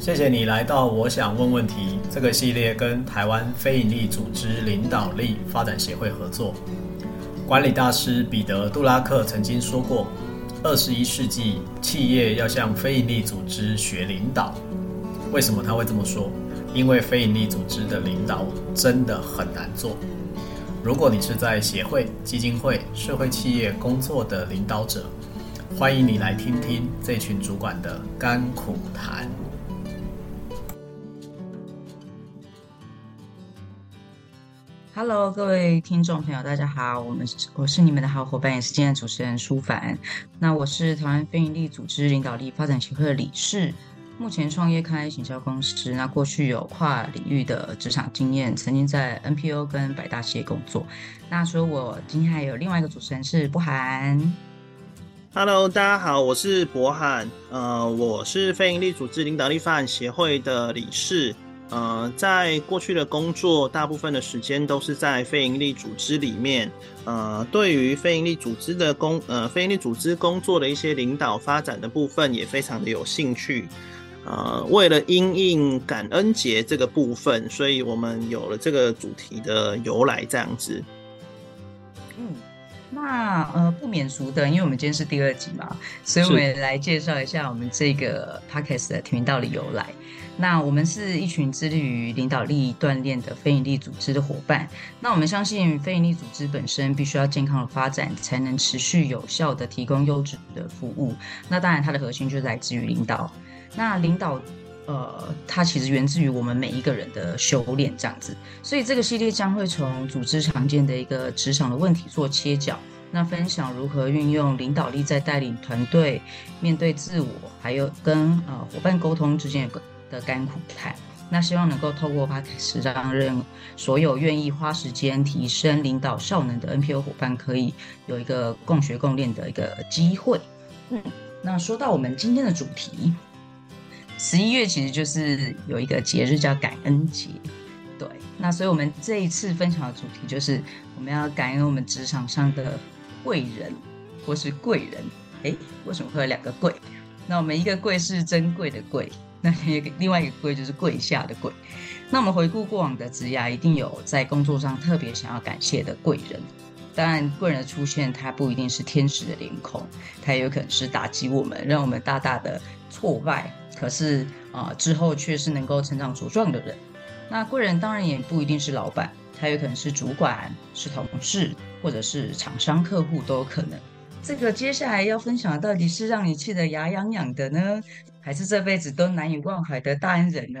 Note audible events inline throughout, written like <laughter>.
謝謝你來到《我想問問題》這個系列，跟台灣非營利組織領導力發展協會合作。管理大師彼得·杜拉克曾經說過，二十一世紀企業要向非營利組織學領導。為什麼他會這麼說？因為非營利組織的領導真的很難做。如果你是在協會、基金會、社會企業工作的領導者，歡迎你來聽聽這群主管的甘苦談。Hello，各位聽眾朋友，大家好，我們我是你們的好伙伴，也是今天的主持人舒帆。那我是台灣非營利組織領導力發展協會的理事，目前創業開行銷公司。那過去有跨領域的職場經驗，曾經在 NPO 跟百大企業工作。那除了我，今天還有另外一個主持人是勃罕。Hello，大家好，我是勃罕，呃，我是非營利組織領導力發展協會的理事，呃，在過去的工作，大部分的時間都是在非營利組織裡面，呃，對於非營利組織的工，呃，非營利組織工作的一些領導發展的部分，也非常的有興趣，呃，為了因應感恩節這個部分，所以我們有了這個主題的由來，這樣子，嗯。那，呃，不免俗的，因為我們今天是第二集嘛，是所以我們來介紹一下我們這個 podcast 的頻道的由來。那我們是一群致力於領導力鍛鍊的非營利組織的夥伴。那我們相信，非營利組織本身必須要健康的發展，才能持續有效的提供優質的服務。那當然，它的核心就來自於領導。那領導。呃，它其實源自於我們每一個人的修煉，這樣子。所以這個系列將會從組織常見的一個職場的問題做切角，那分享如何運用領導力在帶領團隊、面對自我，還有跟呃夥伴溝通之間的的甘苦談。那希望能夠透過它開始讓任所有願意花時間提升領導效能的 NPO 伙伴，可以有一個共學共練的一個機會。嗯，那說到我們今天的主題。十一月其實就是有一個節日叫感恩節，對。那所以我們這一次分享的主題就是我們要感恩我們職場上的貴人或是貴人。哎，為什麼會有兩個貴？那我們一個貴是珍貴的貴，那另另外一個貴就是跪下的貴。那我們回顧過往的職涯，一定有在工作上特別想要感謝的貴人。當然，貴人的出現，它不一定是天使的臉孔，它也有可能是打擊我們，讓我們大大的挫敗。可是啊、呃，之後卻是能夠成長茁壯的人。那貴人當然也不一定是老闆，他有可能是主管、是同事，或者是廠商、客戶都有可能。這個接下來要分享的到底是讓你氣得牙癢癢的呢，還是這輩子都難以忘懷的大恩人呢？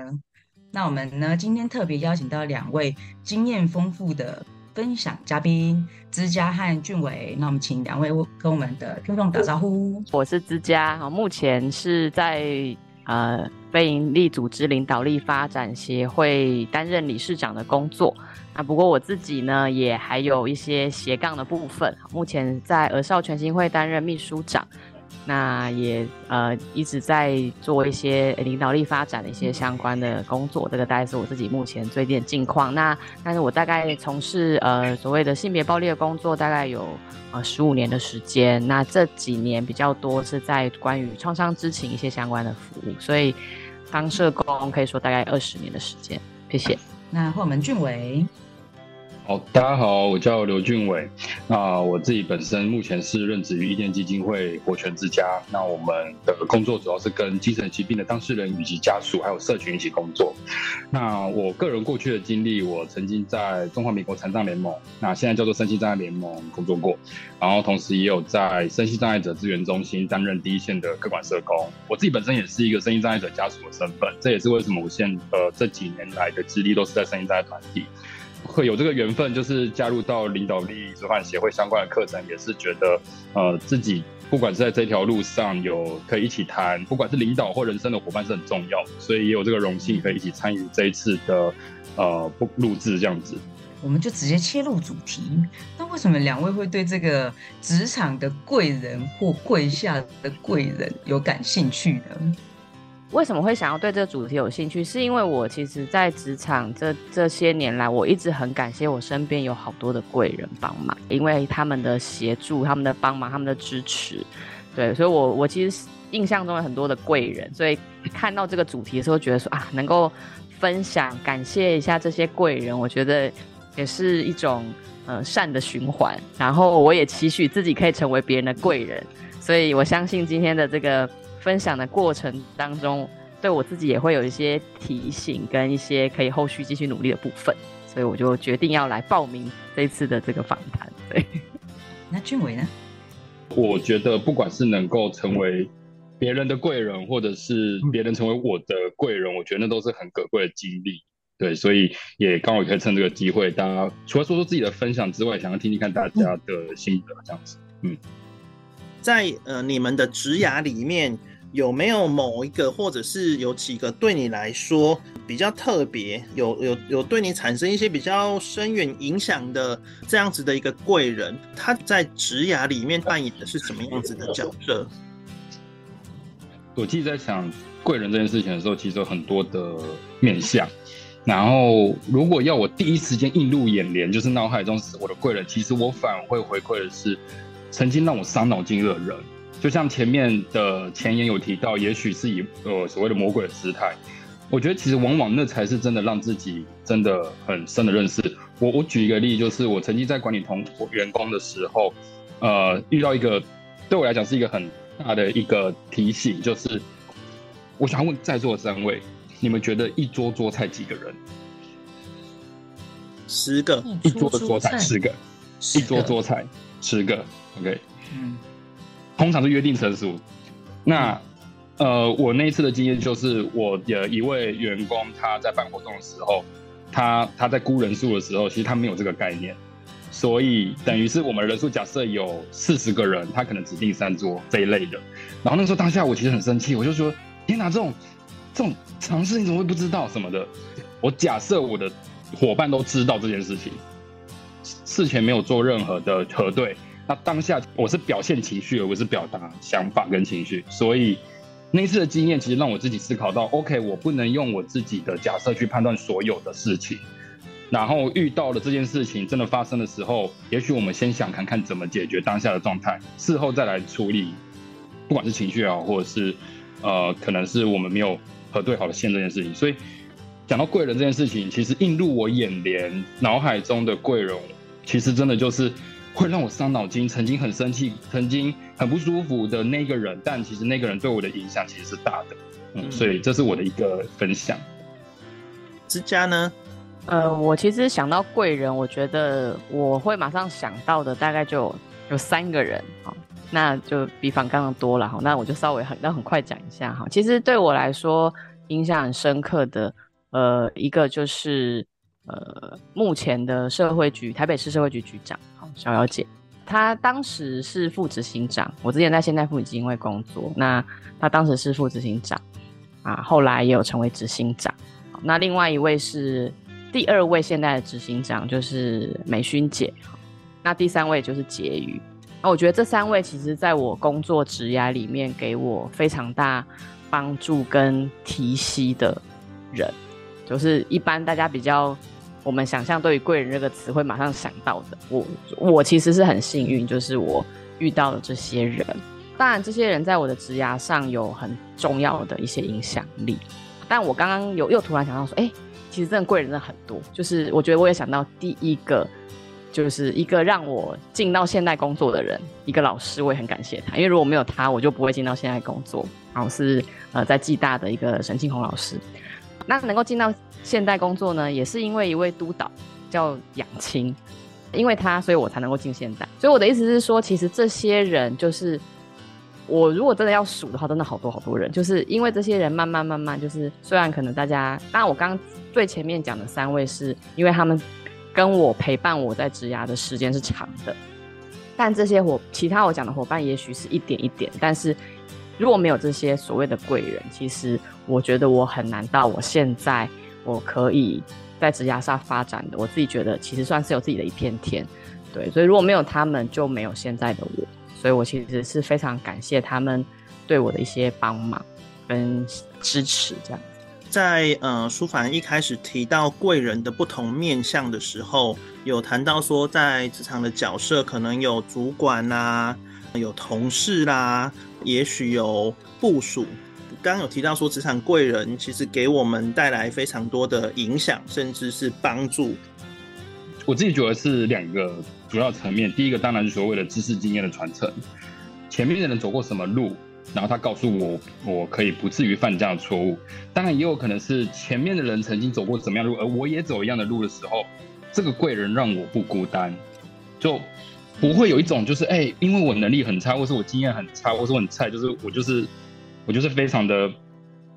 那我們呢今天特別邀請到兩位經驗豐富的分享嘉賓，姿佳和俊緯。那我們請兩位跟我們的聽眾打招呼。我是姿佳，目前是在。呃，非營利組織領導力發展協會擔任理事長的工作。那不過我自己呢，也還有一些斜槓的部分，目前在兒少權心會擔任秘書長。那也呃一直在做一些領導力發展的一些相關的工作，這個大概是我自己目前最近的近況。那但是我大概從事呃所謂的性別暴力的工作，大概有呃十五年的時間。那這幾年比較多是在關於創傷知情一些相關的服務，所以當社工可以說大概二十年的時間。謝謝。那我們俊緯。好、哦，大家好，我叫劉俊緯。那、呃、我自己本身目前是任職於伊甸基金會活泉之家。那我們的工作主要是跟精神疾病的當事人以及家屬，還有社群一起工作。那我個人過去的經歷，我曾經在中華民國殘障聯盟，那現在叫做身心障礙聯盟工作過。然後同時也有在身心障礙者資源中心擔任第一線的個管社工。我自己本身也是一個身心障礙者家屬的身份，這也是為什麼我現呃這幾年來的資歷都是在身心障礙團體。會有這個緣分，就是加入到領導力發展協會相關的課程，也是覺得，呃，自己不管是在這條路上有可以一起談，不管是領導或人生的伙伴是很重要，所以也有這個榮幸可以一起參與這一次的，呃，不錄制這樣子。我們就直接切入主題，那為什麼兩位會對這個職場的貴人或跪下的貴人有感興趣呢？為什麼會想要對這個主題有興趣？是因為我其實，在職場這這些年來，我一直很感謝我身邊有好多的貴人幫忙，因為他們的協助、他們的幫忙、他們的支持，對，所以我我其實印象中有很多的貴人，所以看到這個主題的時候，覺得說啊，能夠分享、感謝一下這些貴人，我覺得也是一種嗯、呃、善的循環。然後我也期許自己可以成為別人的貴人，所以我相信今天的這個。分享的過程當中，對我自己也會有一些提醒跟一些可以後續繼續努力的部分，所以我就決定要來報名這次的這個訪談。對，那俊緯呢？我覺得不管是能夠成為別人的貴人，或者是別人成為我的貴人，我覺得那都是很可貴的經歷。對，所以也剛好可以趁這個機會，大家除了說說自己的分享之外，想要聽聽看大家的心得，這樣子。嗯，在呃你們的職涯裡面。嗯有沒有某一個，或者是有幾個對你來說比較特別，有有有對你產生一些比較深遠影響的這樣子的一個貴人，他在職涯裡面扮演的是什麼樣子的角色？我記得在想貴人這件事情的時候，其實有很多的面向。然後，如果要我第一時間映入眼簾，就是腦海中我的貴人，其實我反而會回饋的是曾經讓我傷腦筋熱熱的人。就像前面的前言有提到，也許是以呃所謂的魔鬼的姿態，我覺得其實往往那才是真的讓自己真的很深的認識。我我舉一個例就是我曾經在管理同員工的時候，呃，遇到一個對我來講是一個很大的一個提醒，就是我想問在座三位，你們覺得一桌桌菜幾個人？十個一桌的桌菜十個，十個一桌桌菜十個，十個，OK。嗯。通常是約定成熟。那呃，我那一次的經驗就是，我的一位員工他在辦活動的時候，他他在估人數的時候，其實他沒有這個概念，所以等於是我們人數假設有四十個人，他可能只訂三桌這一類的。然後那時候當下我其實很生氣，我就說：“天哪，啊，這種這種常識你怎麼會不知道什麼的？”我假設我的夥伴都知道這件事情，事前沒有做任何的核對。那當下我是表現情緒，而不是表達想法跟情緒。所以那次的經驗，其實讓我自己思考到：OK，我不能用我自己的假設去判斷所有的事情。然後遇到了這件事情真的發生的時候，也許我們先想看看怎麼解決當下的狀態，事後再來處理，不管是情緒也好，或者是呃，可能是我們沒有核對好的線這件事情。所以講到貴人這件事情，其實映入我眼簾、腦海中的貴人，其實真的就是。會讓我傷腦筋，曾經很生氣，曾經很不舒服的那個人，但其實那個人對我的影響其實是大的，嗯，嗯，所以這是我的一個分享。之、嗯、家呢？呃，我其實想到貴人，我覺得我會馬上想到的大概就有就三個人，哈，那就比方剛剛多了哈，那我就稍微很那很快講一下哈。其實對我來說，印象很深刻的，呃，一個就是。呃，目前的社會局台北市社會局局長，好，小姚姐，她當時是副執行長。我之前在現代婦女基金會工作，那她當時是副執行長啊，後來也有成為執行長。那另外一位是第二位現代的執行長，就是美薰姐。那第三位就是婕妤。那我覺得這三位其實在我工作職涯裡面給我非常大幫助跟提攜的人，就是一般大家比較。我們想象對於“貴人”這個詞會馬上想到的我，我我其實是很幸運，就是我遇到了這些人。當然，這些人在我的職涯上有很重要的一些影響力。但我剛剛有又突然想到說，哎、欸，其實真的貴人真的很多。就是我覺得我也想到第一個，就是一個讓我進到現代工作的人，一個老師，我也很感謝他，因為如果沒有他，我就不會進到現在工作。然後我是呃，在暨大的一個沈慶鴻老師。那能夠進到現代工作呢，也是因為一位督導叫楊青，因為他，所以我才能夠進現代。所以我的意思是說，其實這些人就是我，如果真的要數的話，真的好多好多人，就是因為這些人慢慢慢慢，就是雖然可能大家，當然我剛最前面講的三位是因為他們跟我陪伴我在職涯的時間是長的，但這些伙其他我講的伙伴，也許是一點一點，但是。如果沒有這些所謂的貴人，其實我覺得我很難到我現在我可以，在職涯上發展的。我自己覺得其實算是有自己的一片天，對。所以如果沒有他們，就沒有現在的我。所以我其實是非常感謝他們對我的一些幫忙跟支持這樣。在呃，舒帆一開始提到貴人的不同面向的時候，有談到說，在職場的角色可能有主管啦、啊，有同事啦、啊。也許有部署，剛剛有提到說，職場貴人其實給我們帶來非常多的影響，甚至是幫助。我自己覺得是兩個主要層面，第一個當然是所謂的知識經驗的傳承，前面的人走過什麼路，然後他告訴我，我可以不至於犯這樣的錯誤。當然也有可能是前面的人曾經走過什麼樣的路，而我也走一樣的路的時候，這個貴人讓我不孤單。就不會有一種就是哎、欸，因為我能力很差，或是我經驗很差，或是我很菜，就是我就是我就是非常的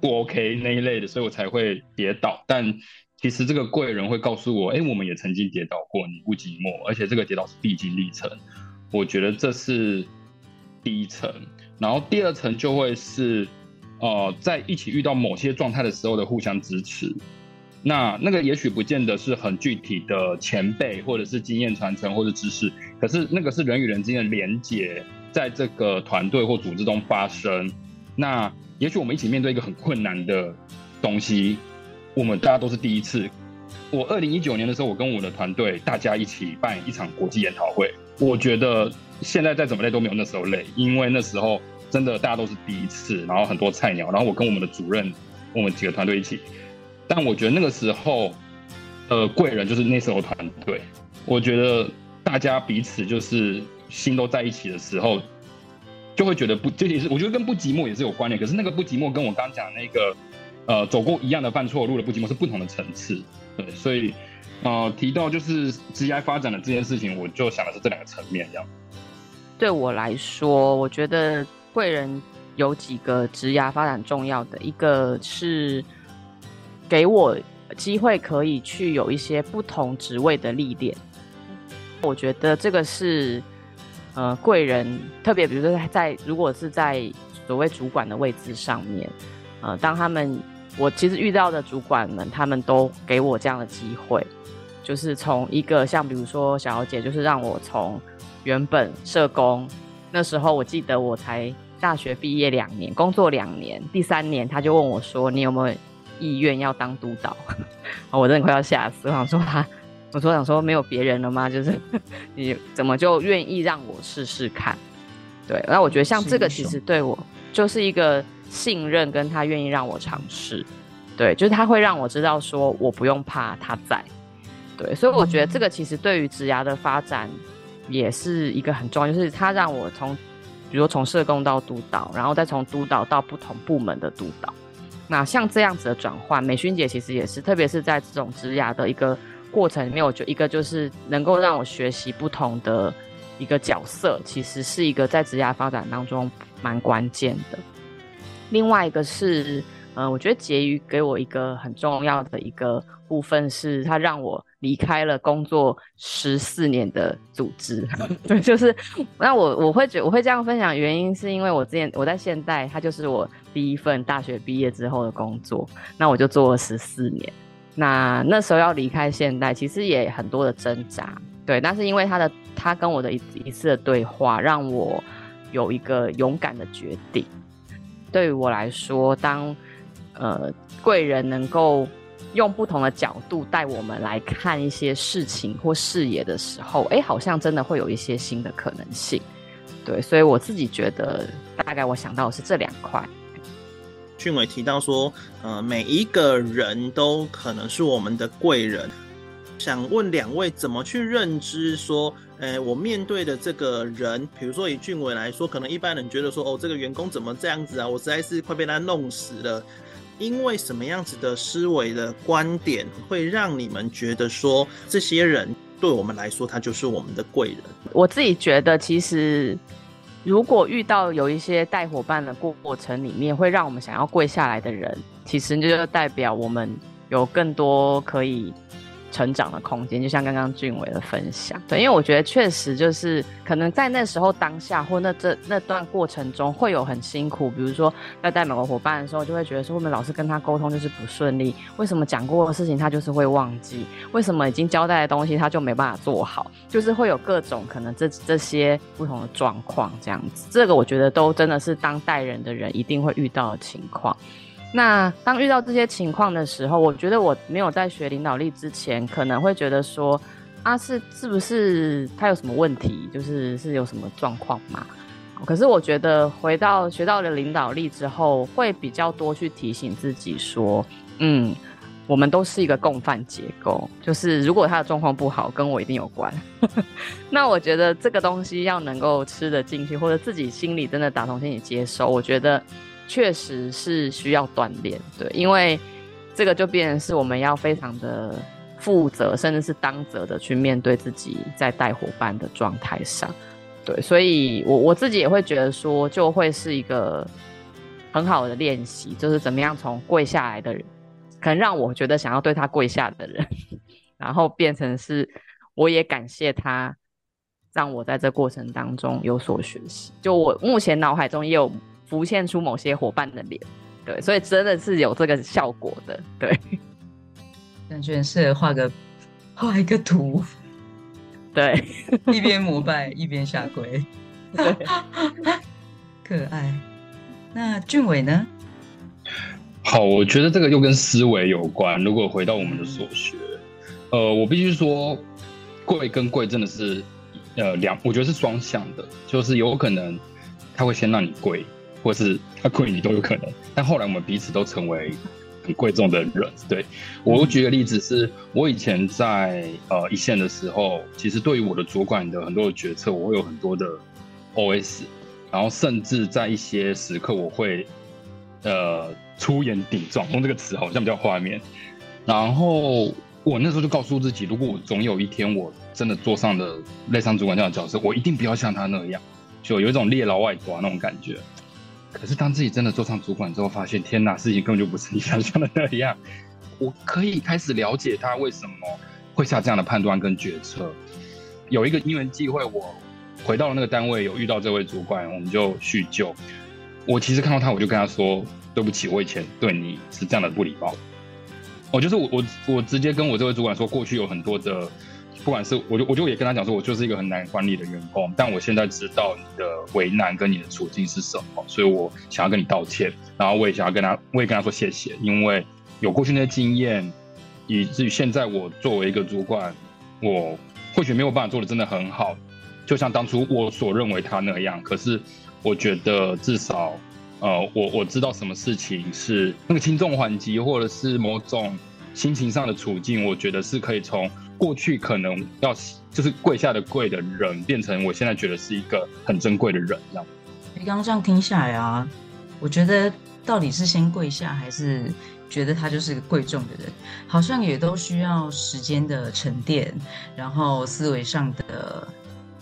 不 OK 那一類的，所以我才會跌倒。但其實這個貴人會告訴我，哎、欸，我們也曾經跌倒過，你不寂寞，而且這個跌倒是必經歷程。我覺得這是第一層，然後第二層就會是呃，在一起遇到某些狀態的時候的互相支持。那那個也許不見得是很具體的前輩，或者是經驗傳承，或者是知識。可是那個是人與人之間的連接，在這個團隊或組織中發生。那也許我們一起面對一個很困難的東西，我們大家都是第一次。我二零一九年的時候，我跟我的團隊大家一起辦一場國際研討會。我覺得現在再怎麼累都沒有那時候累，因為那時候真的大家都是第一次，然後很多菜鳥。然後我跟我們的主任，我們幾個團隊一起。但我覺得那個時候，呃，貴人就是那時候團隊。我覺得。大家彼此就是心都在一起的時候，就會覺得不，這也是我覺得跟不寂寞也是有關聯。可是那個不寂寞跟我剛講那個，呃，走過一樣的犯錯路的不寂寞是不同的層次，對。所以，呃，提到就是職涯發展的這件事情，我就想的是這兩個層面。這樣。對我來說，我覺得貴人有幾個職涯發展重要的，一個是給我機會可以去有一些不同職位的歷練。我覺得這個是，呃，貴人，特別比如說在，在如果是在所謂主管的位置上面，呃，當他們我其實遇到的主管們，他們都給我這樣的機會，就是從一個像比如說小，小姐，就是讓我從原本社工那時候，我記得我才大學畢業兩年，工作兩年，第三年他就問我說：“你有沒有意願要當督導？” <laughs> 我真的快要嚇死，我想說他。我說想說沒有別人了嗎？就是你怎麼就願意讓我試試看？對，那我覺得像這個其實對我就是一個信任，跟他願意讓我嘗試，對，就是他會讓我知道說我不用怕他在，對，所以我覺得這個其實對於職涯的發展也是一個很重要，就是他讓我從，比如說從社工到督導，然後再從督導到不同部門的督導，那像這樣子的轉換，美勳姐其實也是，特別是在這種職涯的一個。過程裡面，我覺得一個就是能夠讓我學習不同的一個角色，其實是一個在職業發展當中蠻關鍵的。另外一個是，嗯、呃，我覺得結余給我一個很重要的一個部分，是他讓我離開了工作十四年的組織。對， <laughs> <laughs> 就是那我我會覺我會這樣分享的原因，是因為我之前我在現代，他就是我第一份大學畢業之後的工作，那我就做了十四年。那那時候要離開現代，其實也很多的掙扎，對。但是因為他的他跟我的一一次的對話，讓我有一個勇敢的決定。對於我來說，當呃貴人能夠用不同的角度帶我們來看一些事情或視野的時候，哎、欸，好像真的會有一些新的可能性，對。所以我自己覺得，大概我想到的是這兩塊。俊緯提到說：“呃，每一個人都可能是我們的貴人。想問兩位，怎麼去認知說，呃、欸，我面對的這個人，比如說以俊緯來說，可能一般人覺得說，哦，這個員工怎麼這樣子啊？我實在是快被他弄死了。因為什麼樣子的思維的觀點會讓你們覺得說，這些人對我們來說，他就是我們的貴人？我自己覺得，其實。”如果遇到有一些帶夥伴的過程裡面，會讓我們想要跪下來的人，其實就代表我們有更多可以成長的空間，就像剛剛俊緯的分享，對，因為我覺得確實就是可能在那時候當下或那這那段過程中會有很辛苦，比如說在帶某個夥伴的時候，就會覺得說後面老是跟他溝通就是不順利，為什麼講過的事情他就是會忘記，為什麼已經交代的東西他就沒辦法做好，就是會有各種可能這這些不同的狀況這樣子，這個我覺得都真的是當帶人的人一定會遇到的情況。那當遇到這些情況的時候，我覺得我沒有在學領導力之前，可能會覺得說，啊，是是不是他有什麼問題，就是是有什麼狀況嘛？可是我覺得回到學到了領導力之後，會比較多去提醒自己說，嗯，我們都是一個共犯結構，就是如果他的狀況不好，跟我一定有關。 <laughs> 那我覺得這個東西要能夠吃得進去，或者自己心裡真的打從心裡接受，我覺得。確實是需要鍛煉，對，因為這個就變成是我們要非常的負責，甚至是當責的去面對自己在帶夥伴的狀態上，對，所以我我自己也會覺得說，就會是一個很好的練習，就是怎麼樣從跪下來的人，可能讓我覺得想要對他跪下的人，然後變成是我也感謝他，讓我在這過程當中有所學習。就我目前腦海中也有。浮現出某些夥伴的臉，對，所以真的是有這個效果的，對。感覺是畫個畫一個圖，對，一邊膜拜 <laughs> 一邊下跪，對 <laughs> 可愛。那俊緯呢？好，我覺得這個又跟思維有關。如果回到我們的所學，嗯、呃，我必須說貴跟貴真的是，呃，兩，我覺得是雙向的，就是有可能他會先讓你跪。或是他跪你都有可能，但後來我們彼此都成為很貴重的人。對、嗯、我舉個例子是，是我以前在呃一線的時候，其實對於我的主管的很多的決策，我會有很多的 OS，然後甚至在一些時刻我會呃出言頂撞，用這個詞好像比較畫面。然後我那時候就告訴自己，如果我總有一天我真的坐上了類似主管這樣的角色，我一定不要像他那樣，就有一種獵老外奪那種感覺。可是當自己真的坐上主管之後，發現天哪，事情根本就不是你想象的那樣。我可以開始了解他為什麼會下這樣的判斷跟決策。有一個因緣際會，我回到了那個單位，有遇到這位主管，我們就敘舊。我其實看到他，我就跟他說：“對不起，我以前對你是這樣的不禮貌。”我就是我，我我直接跟我這位主管說，過去有很多的。不管是我就我就也跟他講說，我就是一個很難管理的員工，但我現在知道你的為難跟你的處境是什麼，所以我想要跟你道歉，然後我也想要跟他，我也跟他說謝謝，因為有過去那些經驗，以至於現在我作為一個主管，我或許沒有辦法做得真的很好，就像當初我所認為他那樣，可是我覺得至少，呃，我我知道什麼事情是那個輕重緩急，或者是某種。心情上的處境，我覺得是可以從過去可能要就是跪下的貴的人，變成我現在覺得是一個很珍貴的人這樣。所以剛剛這樣聽下來啊，我覺得到底是先跪下，還是覺得他就是一個貴重的人，好像也都需要時間的沉澱，然後思維上的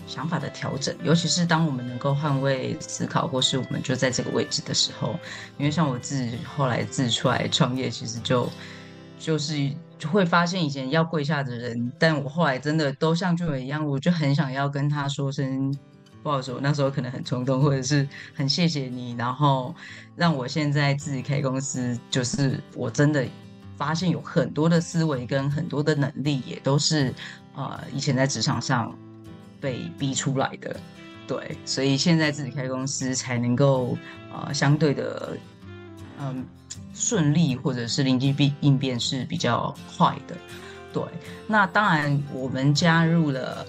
想法的調整。尤其是當我們能夠換位思考，或是我們就在這個位置的時候，因為像我自己後來自出來創業，其實就。就是會發現以前要跪下的人，但我後來真的都像俊緯一樣，我就很想要跟他說聲，不好意思，我那時候可能很衝動，或者是很謝謝你，然後讓我現在自己開公司，就是我真的發現有很多的思維跟很多的能力也都是，呃，以前在職場上被逼出來的，對，所以現在自己開公司才能夠，呃，相對的。嗯，順利或者是臨機應應變是比較快的，對。那當然，我們加入了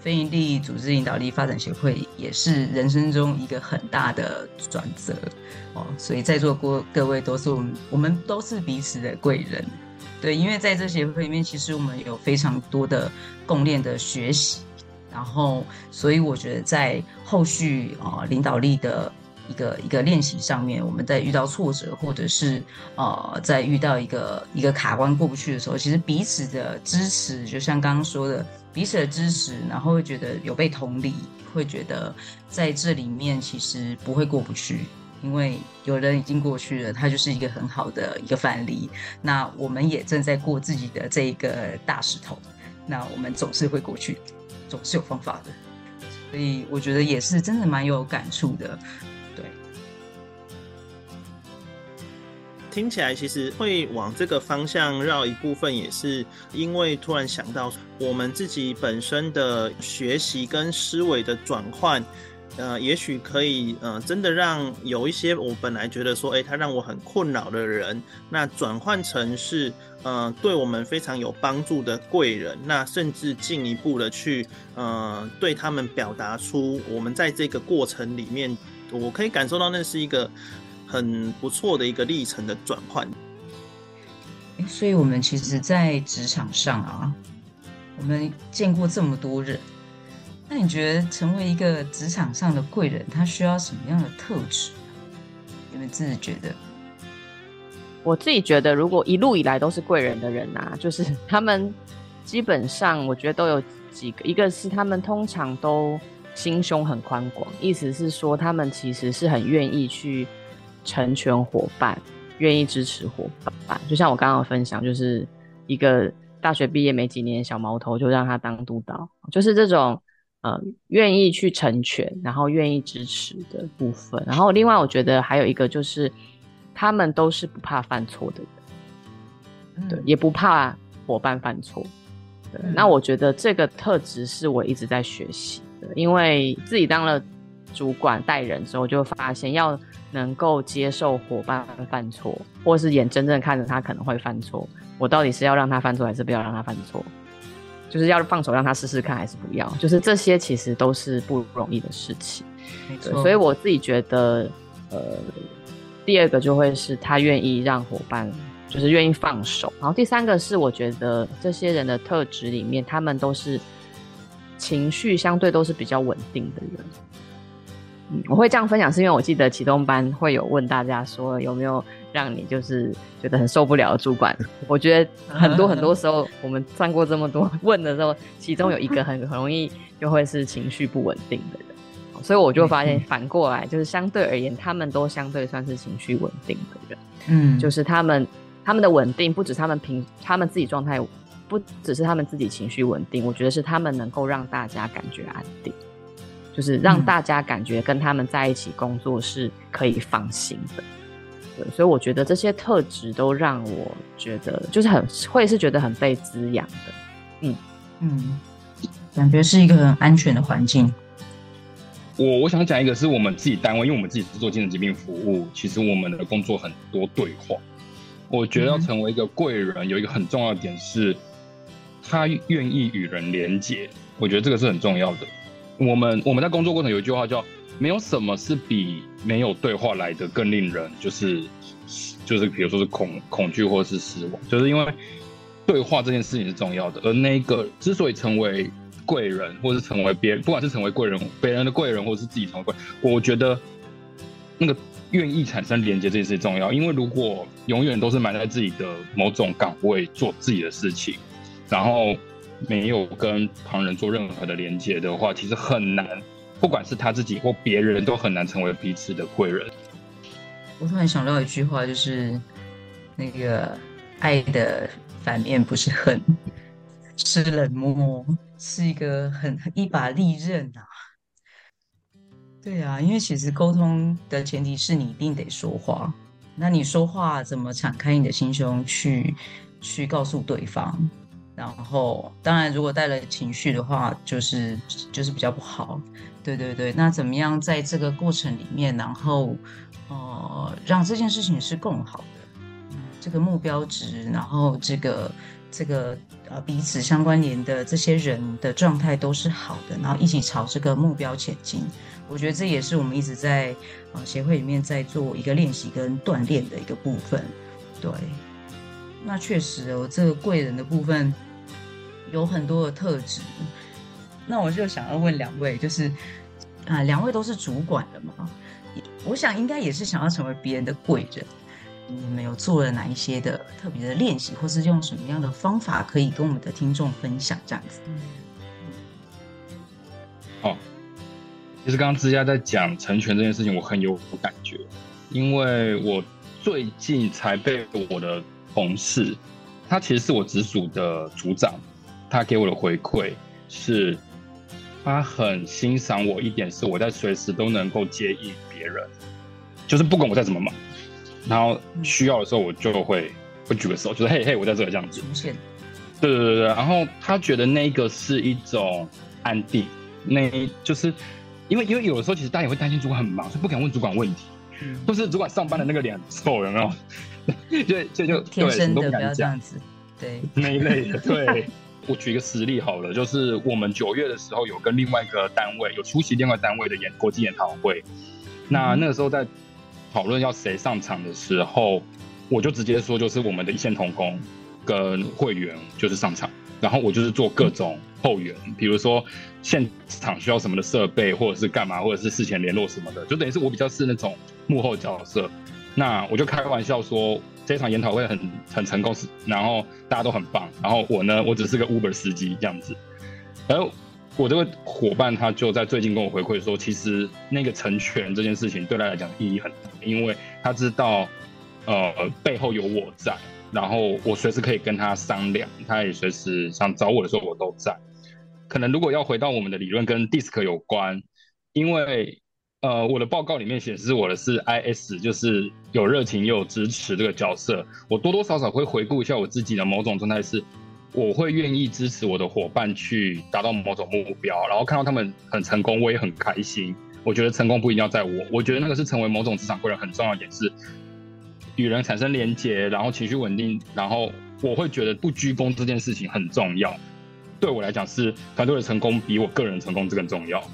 非營利組織領導力發展協會，也是人生中一個很大的轉折哦。所以在座各各位都是我們，我們都是彼此的貴人，對。因為在這協會裡面，其實我們有非常多的共練的學習，然後，所以我覺得在後續啊、哦、領導力的。一個一個練習上面，我們在遇到挫折，或者是呃，在遇到一個一個卡關過不去的時候，其實彼此的支持，就像剛剛說的，彼此的支持，然後會覺得有被同理，會覺得在這裡面其實不會過不去，因為有人已經過去了，他就是一個很好的一個範例。那我們也正在過自己的這一個大石頭，那我們總是會過去，總是有方法的，所以我覺得也是真的蠻有感觸的。聽起來其實會往這個方向繞一部分，也是因為突然想到我們自己本身的學習跟思維的轉換，呃，也許可以，呃，真的讓有一些我本來覺得說，誒、欸，他讓我很困擾的人，那轉換成是，呃，對我們非常有幫助的貴人，那甚至進一步的去，呃，對他們表達出我們在這個過程裡面，我可以感受到那是一個。很不錯的一個歷程的轉換，欸，所以我們其實，在職場上啊，我們見過這麼多人，那你覺得成為一個職場上的貴人，他需要什麼樣的特質？你們自己覺得？我自己覺得，如果一路以來都是貴人的人吶，啊，就是他們基本上，我覺得都有幾個，一個是他們通常都心胸很寬廣，意思是說，他們其實是很願意去。成全伙伴，願意支持伙伴，就像我剛剛分享，就是一個大學畢業沒幾年的小毛頭就讓他當督導，就是這種呃，願意去成全，然後願意支持的部分。然後另外我覺得還有一個就是，他們都是不怕犯錯的人，嗯、對，也不怕伙伴犯錯。對，嗯、那我覺得這個特質是我一直在學習的，因為自己當了主管帶人之後，就發現要。能夠接受夥伴犯錯，或是眼睜睜看着他可能會犯錯，我到底是要讓他犯錯，還是不要讓他犯錯？就是要放手讓他試試看，還是不要？就是這些其實都是不容易的事情。沒錯。對，所以我自己覺得，呃，第二個就會是他願意讓夥伴，就是願意放手。然後第三個是，我覺得這些人的特質裡面，他們都是情緒相對都是比較穩定的人。嗯，我會這樣分享，是因為我記得啟動班會有問大家說，有沒有讓你就是覺得很受不了的主管。我覺得很多很多時候我們算過這麼多問的時候，其中有一個很很容易就會是情緒不穩定的人，所以我就發現反過來就是相對而言， <laughs> 就是相對而言他們都相對算是情緒穩定的人。嗯，就是他們他們的穩定不止他們平他們自己狀態，不只是他們自己情緒穩定，我覺得是他們能夠讓大家感覺安定。就是讓大家感覺跟他們在一起工作是可以放心的，嗯、對，所以我覺得這些特質都讓我覺得就是很會是覺得很被滋養的，嗯嗯，感覺是一個很安全的環境。我我想講一個是我們自己單位，因為我們自己是做精神疾病服務，其實我們的工作很多對話。我覺得要成為一個貴人，有一個很重要的點是，他願意與人連結，我覺得這個是很重要的。我們我們在工作過程有一句話叫“沒有什麼是比沒有對話來的更令人就是就是，比如說是恐恐懼或是失望，就是因為對話這件事情是重要的。而那個之所以成為貴人，或是成為別人，不管是成為貴人別人的貴人，或是自己成為貴人，我覺得那個願意產生連接這件事情重要。因為如果永遠都是埋在自己的某種崗位做自己的事情，然後。沒有跟旁人做任何的連接的話，其實很難，不管是他自己或別人都很難成為彼此的貴人。我突然想到一句話，就是那個愛的反面不是恨，是冷漠，是一個很一把利刃啊。對啊，因為其實溝通的前提是你一定得說話，那你說話怎麼敞開你的心胸去去告訴對方？然後，當然，如果帶了情緒的話，就是就是比較不好。對對對，那怎麼樣在這個過程裡面，然後呃，讓這件事情是更好的、嗯、這個目標值，然後這個這個呃、啊、彼此相關聯的這些人的狀態都是好的，然後一起朝這個目標前進。我覺得這也是我們一直在啊、呃、協會裡面在做一個練習跟鍛鍊的一個部分。對，那確實哦，這個貴人的部分。有很多的特質，那我就想要問兩位，就是啊，兩位都是主管的嘛，我想應該也是想要成為別人的貴人。你們有做了哪一些的特別的練習，或是用什麼樣的方法可以跟我們的聽眾分享？這樣子。好、哦，其實剛剛姿佳在講成全這件事情，我很有感覺，因為我最近才被我的同事，他其實是我直屬的組長。他給我的回饋是，他很欣賞我一點是我在隨時都能夠接應別人，就是不管我再怎麼忙，然後需要的時候我就會會舉個手，就是嘿嘿，我在這裡這樣子出現。對對對，然後他覺得那個是一種安定，那就是因為，因為有的時候其實大家也會擔心主管很忙，所以不敢問主管問題，或、嗯、是主管上班的那個臉臭有沒有？這 <laughs> 這就，就對天生的不要這樣子，對那一類的對。 <laughs> 我舉一個實例好了，就是我們九月的時候有跟另外一個單位有出席另外單位的演國際研討會，那那個時候在討論要誰上場的時候，我就直接說就是我們的一線同工跟會員就是上場，然後我就是做各種後援，比如說現場需要什麼的設備或者是幹嘛，或者是事前聯絡什麼的，就等於是我比較是那種幕後角色，那我就開玩笑說，這場研討會很很成功，然後大家都很棒。然後我呢，我只是個 Uber 司機這樣子。而我，我這個夥伴，他就在最近跟我回饋說，其實那個成全這件事情對他來，來講意義很大，因為他知道，呃，背後有我在，然後我隨時可以跟他商量，他也隨時想找我的時候我都在。可能如果要回到我們的理論跟 DiSC 有關，因為。呃，我的報告裡面顯示我的是 I S，就是有熱情又有支持這個角色。我多多少少會回顧一下我自己的某種狀態是，我會願意支持我的伙伴去達到某種目標，然後看到他們很成功，我也很開心。我覺得成功不一定要在我，我覺得那個是成為某種職場貴人很重要的一點是，與人產生連接，然後情緒穩定，然後我會覺得不居功這件事情很重要。對我來講是，是團隊的成功比我個人成功這個更重要。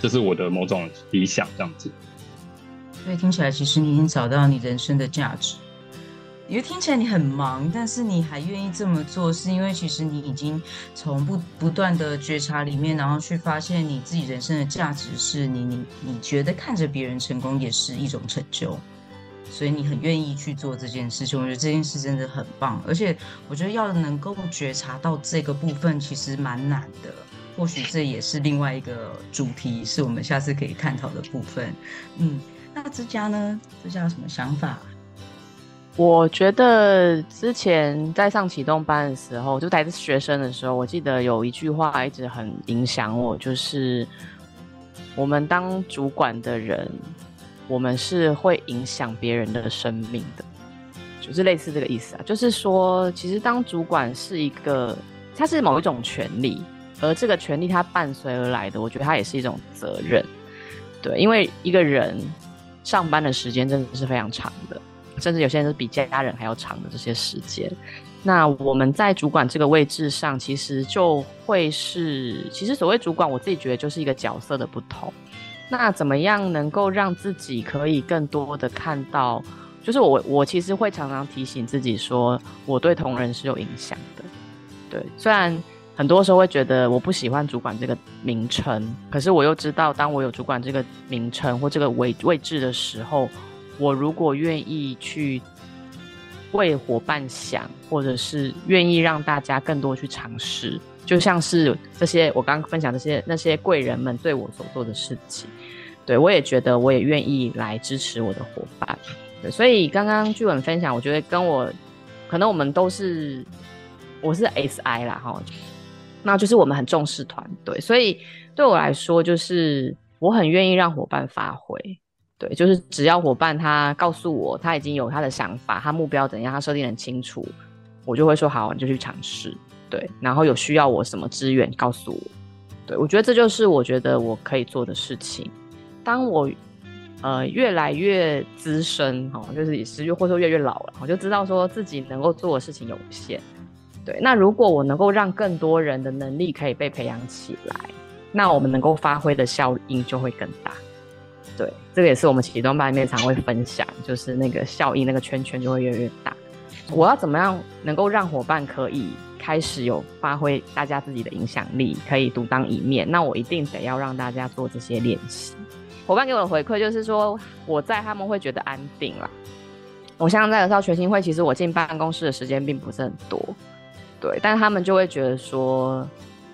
這是我的某種理想，這樣子。所以聽起來，其實你已經找到你人生的價值。因為聽起來你很忙，但是你還願意這麼做，是因為其實你已經從不不斷的覺察裡面，然後去發現你自己人生的價值是你你你覺得看着別人成功也是一種成就，所以你很願意去做這件事情。我覺得這件事真的很棒，而且我覺得要能夠覺察到這個部分，其實蠻難的。或許這也是另外一個主題，是我們下次可以探討的部分。嗯，那姿佳呢？姿佳有什麼想法？我覺得之前在上啟動班的時候，就還是學生的時候，我記得有一句話一直很影響我，就是我們當主管的人，我們是會影響別人的生命的，就是類似這個意思啊。就是說，其實當主管是一個，它是某一種權利。而這個權力，它伴隨而來的，我覺得它也是一種責任。對，因為一個人上班的時間真的是非常長的，甚至有些人是比家人還要長的這些時間。那我們在主管這個位置上，其實就會是，其實所謂主管，我自己覺得就是一個角色的不同。那怎麼樣能夠讓自己可以更多的看到？就是我，我其實會常常提醒自己說，我對同仁是有影響的。對，雖然。很多時候會覺得我不喜歡“主管”這個名稱，可是我又知道，當我有“主管”這個名稱或這個位位置的時候，我如果願意去為夥伴想，或者是願意讓大家更多去嘗試，就像是這些我剛剛分享這些那些貴人們對我所做的事情，對我也覺得我也願意來支持我的夥伴。對，所以剛剛劇本分享，我覺得跟我可能我們都是我是 S I 啦，哈。那就是我們很重視團隊，所以對我來說，就是我很願意讓夥伴發揮，對，就是只要夥伴他告訴我他已經有他的想法，他目標怎樣，他設定很清楚，我就會說好，你就去嘗試，對，然後有需要我什麼資源，告訴我，對，我覺得這就是我覺得我可以做的事情。當我呃越來越資深，哈、哦，就是也是或者說越來越老了，我就知道說自己能夠做的事情有限。對，那如果我能夠讓更多人的能力可以被培養起來，那我們能夠發揮的效應就會更大。對，這個也是我們啟動班裡面常會分享，就是那個效應那個圈圈就會越來越大。我要怎麼樣能夠讓夥伴可以開始有發揮大家自己的影響力，可以獨當一面？那我一定得要讓大家做這些練習。夥伴給我的回饋就是說，我在他們會覺得安定了。我現在有時候全心會，其實我進辦公室的時間並不是很多。對，但他們就會覺得說，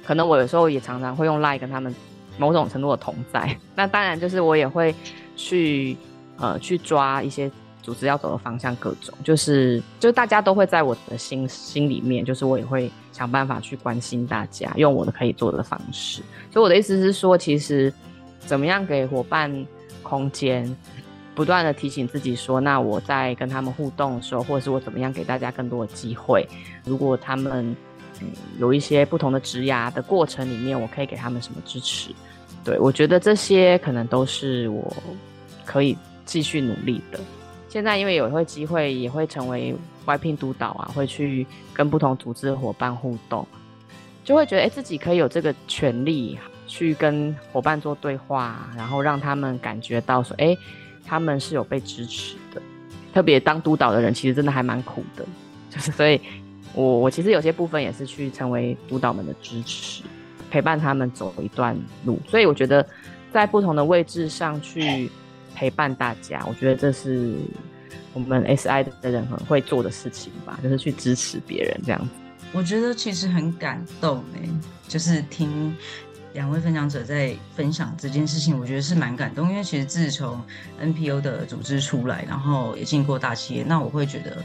可能我有時候也常常會用 “like” 跟他們某種程度的同在。那當然就是我也會去呃去抓一些組織要走的方向，各種就是就是大家都會在我的心心裡面，就是我也會想辦法去關心大家，用我的可以做的方式。所以我的意思是說，其實怎麼樣給夥伴空間，不斷地提醒自己說：“那我在跟他們互動的時候，或者是我怎麼樣，給大家更多的機會。如果他們、嗯、有一些不同的職涯的過程裡面，我可以給他們什麼支持？對，我覺得這些可能都是我可以繼續努力的。現在因為有一個機會，也會成為外聘督導啊，會去跟不同組織的夥伴互動，就會覺得，誒，自己可以有這個權利去跟夥伴做對話，然後讓他們感覺到說，誒。他們是有被支持的，特別當督導的人，其實真的還蠻苦的，就是所以我，我我其實有些部分也是去成為督導們的支持，陪伴他們走一段路。所以我覺得，在不同的位置上去陪伴大家，我覺得這是我們 SI 的人很會做的事情吧，就是去支持別人這樣子。我覺得其實很感動哎、欸，就是聽。兩位分享者在分享這件事情，我覺得是蠻感動，因為其實自從 NPO 的組織出來，然後也進過大企業，那我會覺得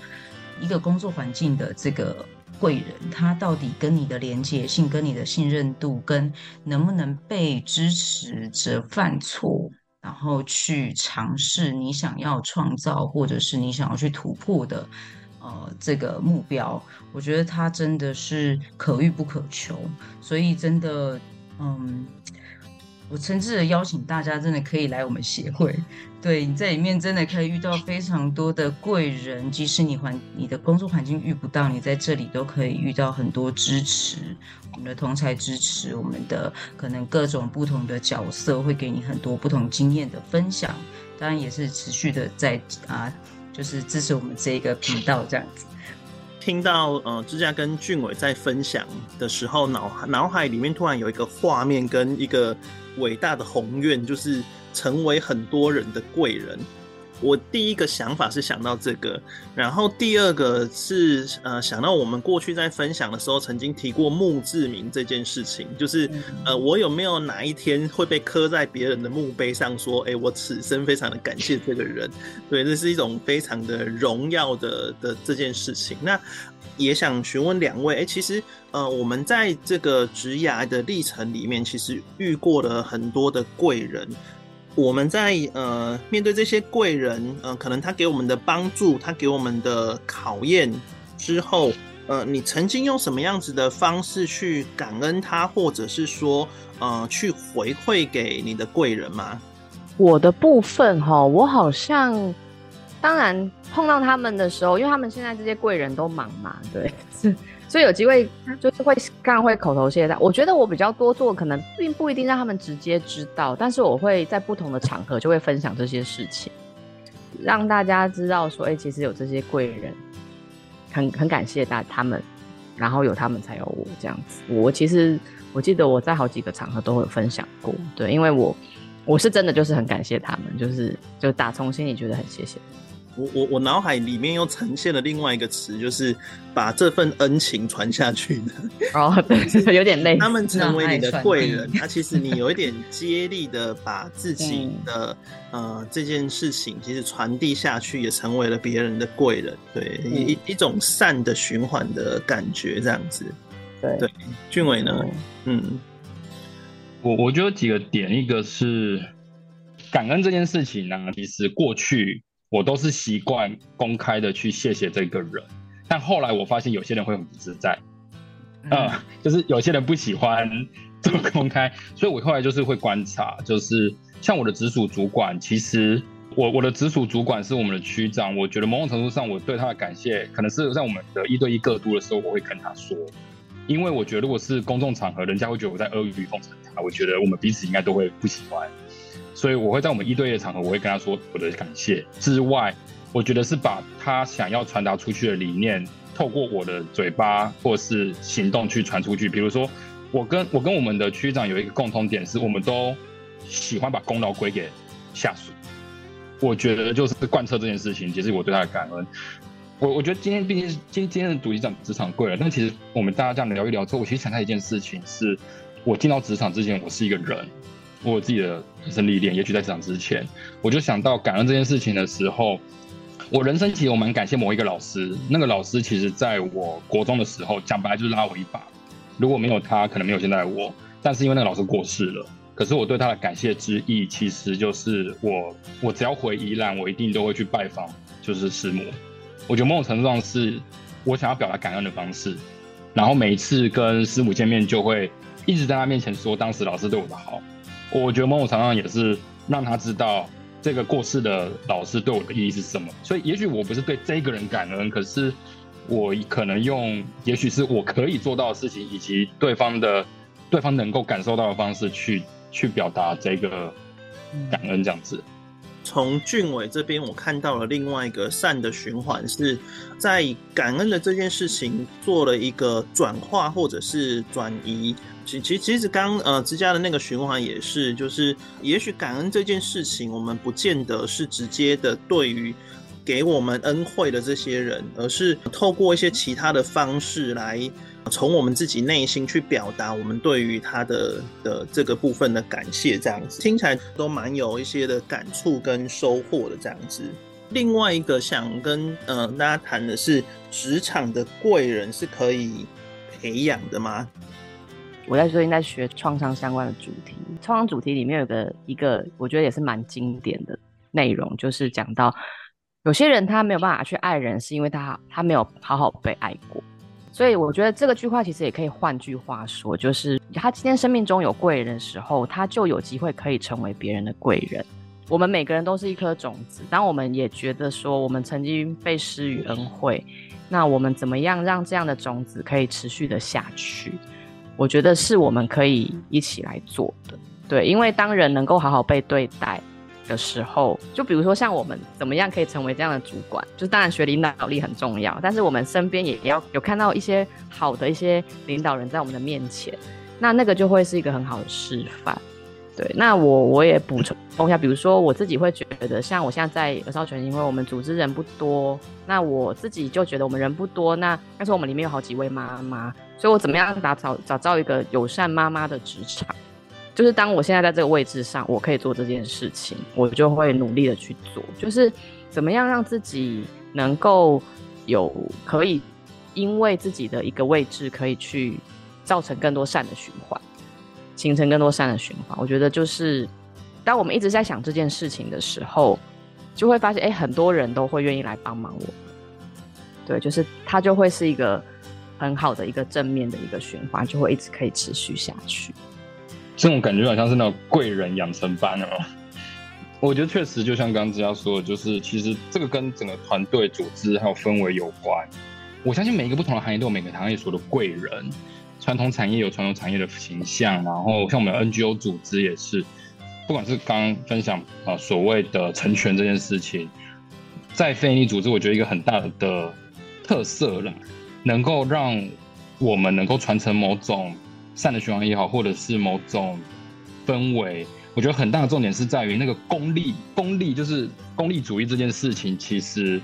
一個工作環境的這個貴人，他到底跟你的連接性、跟你的信任度、跟能不能被支持着犯錯，然後去嘗試你想要創造或者是你想要去突破的呃這個目標，我覺得他真的是可遇不可求，所以真的。嗯，我誠摯的邀請大家，真的可以來我們協會。對，你在裡面真的可以遇到非常多的貴人，即使你環你的工作環境遇不到，你在這裡都可以遇到很多支持。我們的同儕支持，我們的可能各種不同的角色會給你很多不同經驗的分享。當然，也是持續的在啊，就是支持我們這個頻道這樣子。聽到呃，姿佳跟俊緯在分享的時候，腦腦海裡面突然有一個畫面跟一個偉大的宏願，就是成為很多人的貴人。我第一個想法是想到這個，然後第二個是呃想到我們過去在分享的時候曾經提過墓志銘這件事情，就是呃我有沒有哪一天會被刻在別人的墓碑上說，說、欸、哎我此生非常的感謝這個人，對，這是一種非常的榮耀的的這件事情。那也想詢問兩位，哎、欸、其實呃我們在這個職涯的歷程裡面，其實遇過了很多的貴人。我們在呃面對這些貴人，呃，可能他給我們的幫助，他給我們的考驗之後，呃，你曾經用什麼樣子的方式去感恩他，或者是說，呃，去回饋給你的貴人嗎？我的部分哦，我好像，當然碰到他們的時候，因為他們現在這些貴人都忙嘛，對。所以有機會就是會，當會口頭謝大。但我覺得我比較多做，可能並不一定讓他們直接知道，但是我會在不同的場合就會分享這些事情，讓大家知道說，哎、欸，其實有這些貴人，很很感謝大他們，然後有他們才有我這樣子。我其實我記得我在好幾個場合都有分享過，對，因為我我是真的就是很感謝他們，就是就打從心裡覺得很謝謝。我我我腦海裡面又呈現了另外一個詞，就是把這份恩情傳下去的哦，對，有點累。他們成為你的貴人，那他他其實你有一點接力的把自己的 <laughs> 呃這件事情，其實傳遞下去，也成為了別人的貴人。對，嗯、一一種善的循環的感覺，這樣子。對對，俊緯呢？嗯，我我覺得幾個點，一個是感恩這件事情呢，其實過去。我都是習慣公開的去謝謝這個人，但後來我發現有些人會很不自在，啊、嗯嗯，就是有些人不喜歡這麼公開，所以我後來就是會觀察，就是像我的直屬主管，其實我我的直屬主管是我們的區長，我覺得某種程度上我對他的感謝，可能是在我們的一對一個督的時候，我會跟他說，因為我覺得如果是公眾場合，人家會覺得我在阿諛奉承他，我覺得我們彼此應該都會不喜歡。所以我會在我們一對一的場合，我會跟他說我的感謝之外，我覺得是把他想要傳達出去的理念，透過我的嘴巴或是行動去傳出去。比如說，我跟我跟我們的區長有一個共同點是，我們都喜歡把功勞歸給下屬。我覺得就是貫徹這件事情，其實我對他的感恩。我我覺得今天畢竟今今天的主席長職場貴人，但其實我們大家這樣聊一聊之後，我其實想他一件事情是，我進到職場之前，我是一個人。我自己的人生歷練，也許在這場之前，我就想到感恩這件事情的時候，我人生其實我蠻感謝某一個老師。那個老師其實，在我國中的時候，講白，就是拉我一把。如果沒有他，可能沒有現在的我。但是因為那個老師過世了，可是我對他的感謝之意，其實就是我我只要回宜蘭，我一定都會去拜訪，就是師母。我覺得某種程度上是我想要表達感恩的方式。然後每一次跟師母見面，就會一直在他面前說當時老師對我的好。我覺得某某常常也是讓他知道這個過世的老師對我的意義是什麼，所以也許我不是對這個人感恩，可是我可能用也許是我可以做到的事情，以及對方的對方能夠感受到的方式去去表達這個感恩，嗯，這樣子。從俊緯這邊，我看到了另外一個善的循環，是在感恩的這件事情做了一個轉化或者是轉移。其其其實，剛呃之家的那個循環也是，就是也許感恩這件事情，我們不見得是直接的對於給我們恩惠的這些人，而是透過一些其他的方式來。從我們自己內心去表達我們對於他的的這個部分的感謝，這樣子聽起來都蠻有一些的感觸跟收穫的這樣子。另外一個想跟嗯、呃、大家談的是，職場的貴人是可以培養的嗎？我在最近在學創傷相關的主題，創傷主題裡面有一個一個我覺得也是蠻經典的內容，就是講到有些人他沒有辦法去愛人，是因為他他沒有好好被愛過。所以我覺得這個句話其實也可以換句話說，就是他今天生命中有貴人的時候，他就有機會可以成為別人的貴人。我們每個人都是一顆種子，當我們也覺得說我們曾經被施予恩惠，那我們怎麼樣讓這樣的種子可以持續的下去？我覺得是我們可以一起來做的。對，因為當人能夠好好被對待，的時候，就比如說像我們怎麼樣可以成為這樣的主管，就是當然學領導力很重要，但是我們身邊也要有看到一些好的一些領導人在我們的面前，那那個就會是一個很好的示範。對，那我我也補充一下，比如說我自己會覺得，像我現在在活泉，因為我們組織人不多，那我自己就覺得我們人不多，那但是我們裡面有好幾位媽媽，所以我怎麼樣打，打造找到一個友善媽媽的職場？就是當我現在在這個位置上，我可以做這件事情，我就會努力的去做。就是怎麼樣讓自己能夠有可以因為自己的一個位置，可以去造成更多善的循環，形成更多善的循環。我覺得就是當我們一直在想這件事情的時候，就會發現，哎，很多人都會願意來幫忙我。對，就是它就會是一個很好的一個正面的一個循環，就會一直可以持續下去。這種感覺好像是那種貴人養成班啊！我覺得確實就像剛剛姿佳說的，就是其實這個跟整個團隊組織還有氛圍有關。我相信每一個不同的行業都有每個行業所謂的貴人，傳統產業有傳統產業的形象，然後像我們 NGO 組織也是，不管是剛分享啊，所謂的成全這件事情，在非營利組織，我覺得一個很大的特色了，能夠讓我們能夠傳承某種。善的循環也好，或者是某種氛圍，我覺得很大的重點是在於那個功利，功利就是功利主義這件事情，其實，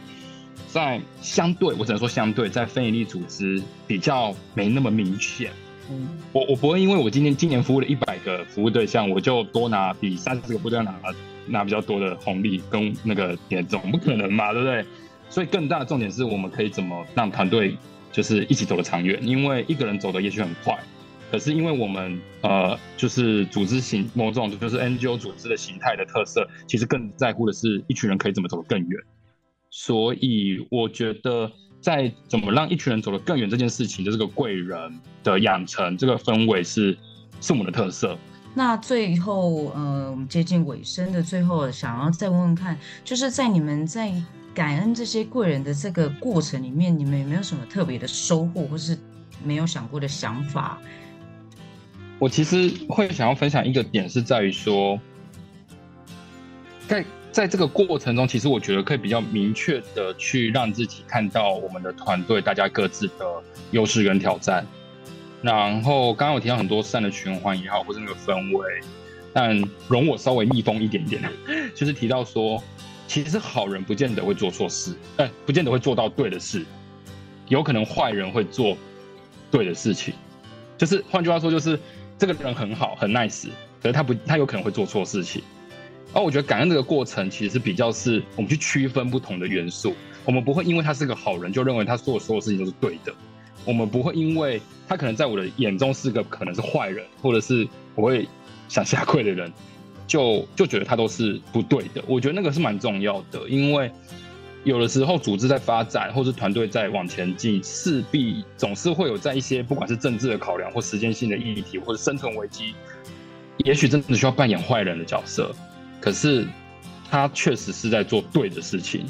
在相對，我只能說相對，在非營利組織比較沒那麼明顯。我我不會因為我今天今年服務了一百個服務對象，我就多拿比三十個部隊要拿拿比較多的紅利跟那個年終，不可能嘛，對不對？所以更大的重點是我們可以怎麼讓團隊就是一起走得長遠，因為一個人走得也許很快。可是，因為我們呃，就是組織型某種就是 NGO 組織的形態的特色，其實更在乎的是一群人可以怎麼走得更遠。所以，我覺得在怎麼讓一群人走得更遠這件事情，就是個貴人的養成，這個氛圍是是我們的特色。那最後，呃、嗯，接近尾聲的最後，想要再問問看，就是在你們在感恩這些貴人的這個過程裡面，你們有沒有什麼特別的收穫，或是沒有想過的想法？我其實會想要分享一個點，是在於說，在在這個過程中，其實我覺得可以比較明確的去讓自己看到我們的團隊大家各自的優勢跟挑戰。然後剛剛我提到很多善的循環也好，或者那個氛圍，但容我稍微逆風一點點，就是提到說，其實好人不見得會做錯事，呃，不見得會做到對的事，有可能壞人會做對的事情，就是換句話說，就是，這個人很好，很 nice，可是他不，他有可能會做錯事情。而我覺得感恩這個過程，其實比較是我們去區分不同的元素。我們不會因為他是個好人，就認為他做所有事情都是對的。我們不會因為他可能在我的眼中是個可能是壞人，或者是我會想下跪的人，就就覺得他都是不對的。我覺得那個是蠻重要的，因為。有的時候，組織在發展，或是團隊在往前進，勢必總是會有在一些不管是政治的考量，或時間性的議題，或者生存危機，也許真的需要扮演壞人的角色。可是他確實是在做對的事情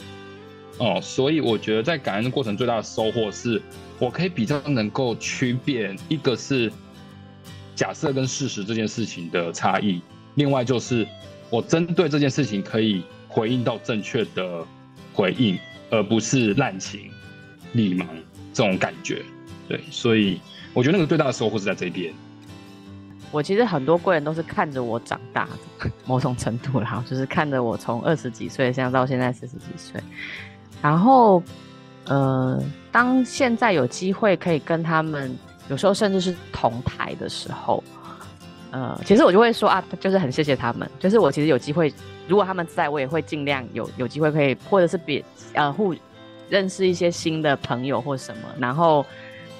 哦，所以我覺得在感恩的過程，最大的收穫是我可以比較能夠區別一個是假設跟事實這件事情的差異，另外就是我針對這件事情可以回應到正確的。回應，而不是濫情、迷茫這種感覺。對，所以我覺得那個最大的收穫是在這邊。我其實很多貴人都是看着我長大的，某種程度啦，然後就是看着我從二十幾歲這樣到現在四十幾歲。然後，呃，當現在有機會可以跟他們，有時候甚至是同台的時候。呃，其實我就會說啊，就是很謝謝他們。就是我其實有機會，如果他們在我也會盡量有有機會可以，或者是別呃互認識一些新的朋友或什麼。然後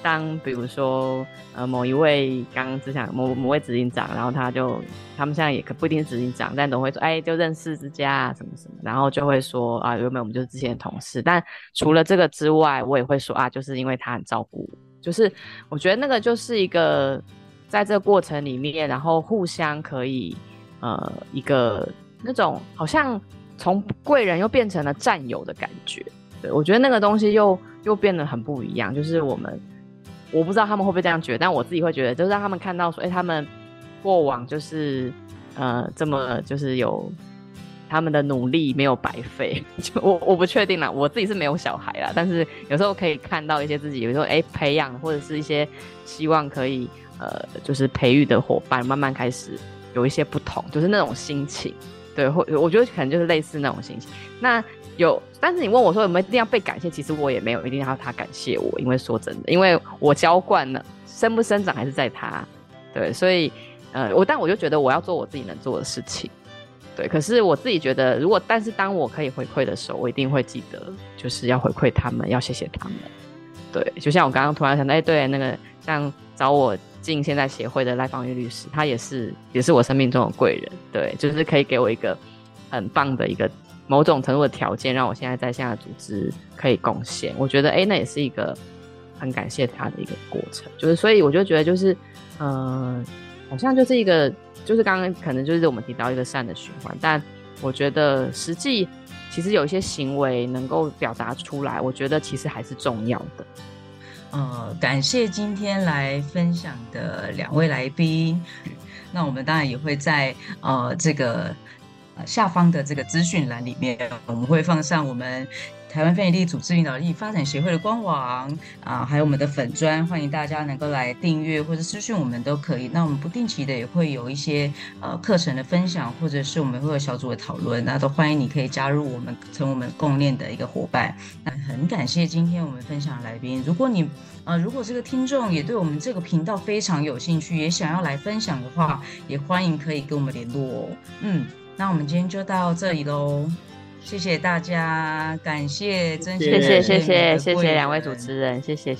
當比如說呃某一位剛剛只想某某位執行長，然後他就他們現在也可不一定執行長，但都會說哎，就認識之家啊，什麼什麼，然後就會說啊，原本我們就是之前的同事。但除了這個之外，我也會說啊，就是因為他很照顧我，就是我覺得那個就是一個。在這個過程裡面，然後互相可以，呃，一個那種好像從貴人又變成了戰友的感覺。對，我覺得那個東西又又變得很不一樣。就是我們，我不知道他們會不會這樣覺得，但我自己會覺得，就是讓他們看到說，哎、欸，他們過往就是呃這麼就是有他們的努力沒有白費。就我我不確定了，我自己是沒有小孩啊，但是有時候可以看到一些自己，有時候哎培養或者是一些希望可以。呃，就是培育的夥伴，慢慢開始有一些不同，就是那種心情，對，或我覺得可能就是類似那種心情。那有，但是你問我說有沒有一定要被感謝？其實我也沒有一定要他感謝我，因為說真的，因為我澆灌了，生不生長還是在他，對，所以呃，我但我就覺得我要做我自己能做的事情，對。可是我自己覺得，如果但是當我可以回饋的時候，我一定會記得，就是要回饋他們，要謝謝他們，對。就像我剛剛突然想到，哎、欸，對，那個像找我。進現在協會的賴芳玉律師，他也是也是我生命中的貴人，對，就是可以給我一個很棒的一個某種程度的條件，讓我現在在下的組織可以貢獻。我覺得，哎、欸，那也是一個很感謝他的一個過程。就是，所以我就覺得，就是，呃，好像就是一個，就是剛剛可能就是我們提到一個善的循環，但我覺得實際其實有一些行為能夠表達出來，我覺得其實還是重要的。呃，感謝今天來分享的兩位來賓。那我們當然也會在呃這個下方的這個資訊欄裡面，我們會放上我們，台灣非營利組織領導力發展協會的官網啊，還有我們的粉專，歡迎大家能夠來訂閱或者私訊我們都可以。那我們不定期的也會有一些呃課程的分享，或者是我們會有小組的討論，那、啊、都歡迎你可以加入我們，成為我們共練的一個夥伴。那很感謝今天我們分享的來賓。如果你呃如果這個聽眾也對我們這個頻道非常有興趣，也想要來分享的話，也歡迎可以跟我們聯絡哦。嗯，那我們今天就到這裡嘍。謝謝大家，感謝真謝謝謝謝謝謝兩位主持人，謝謝。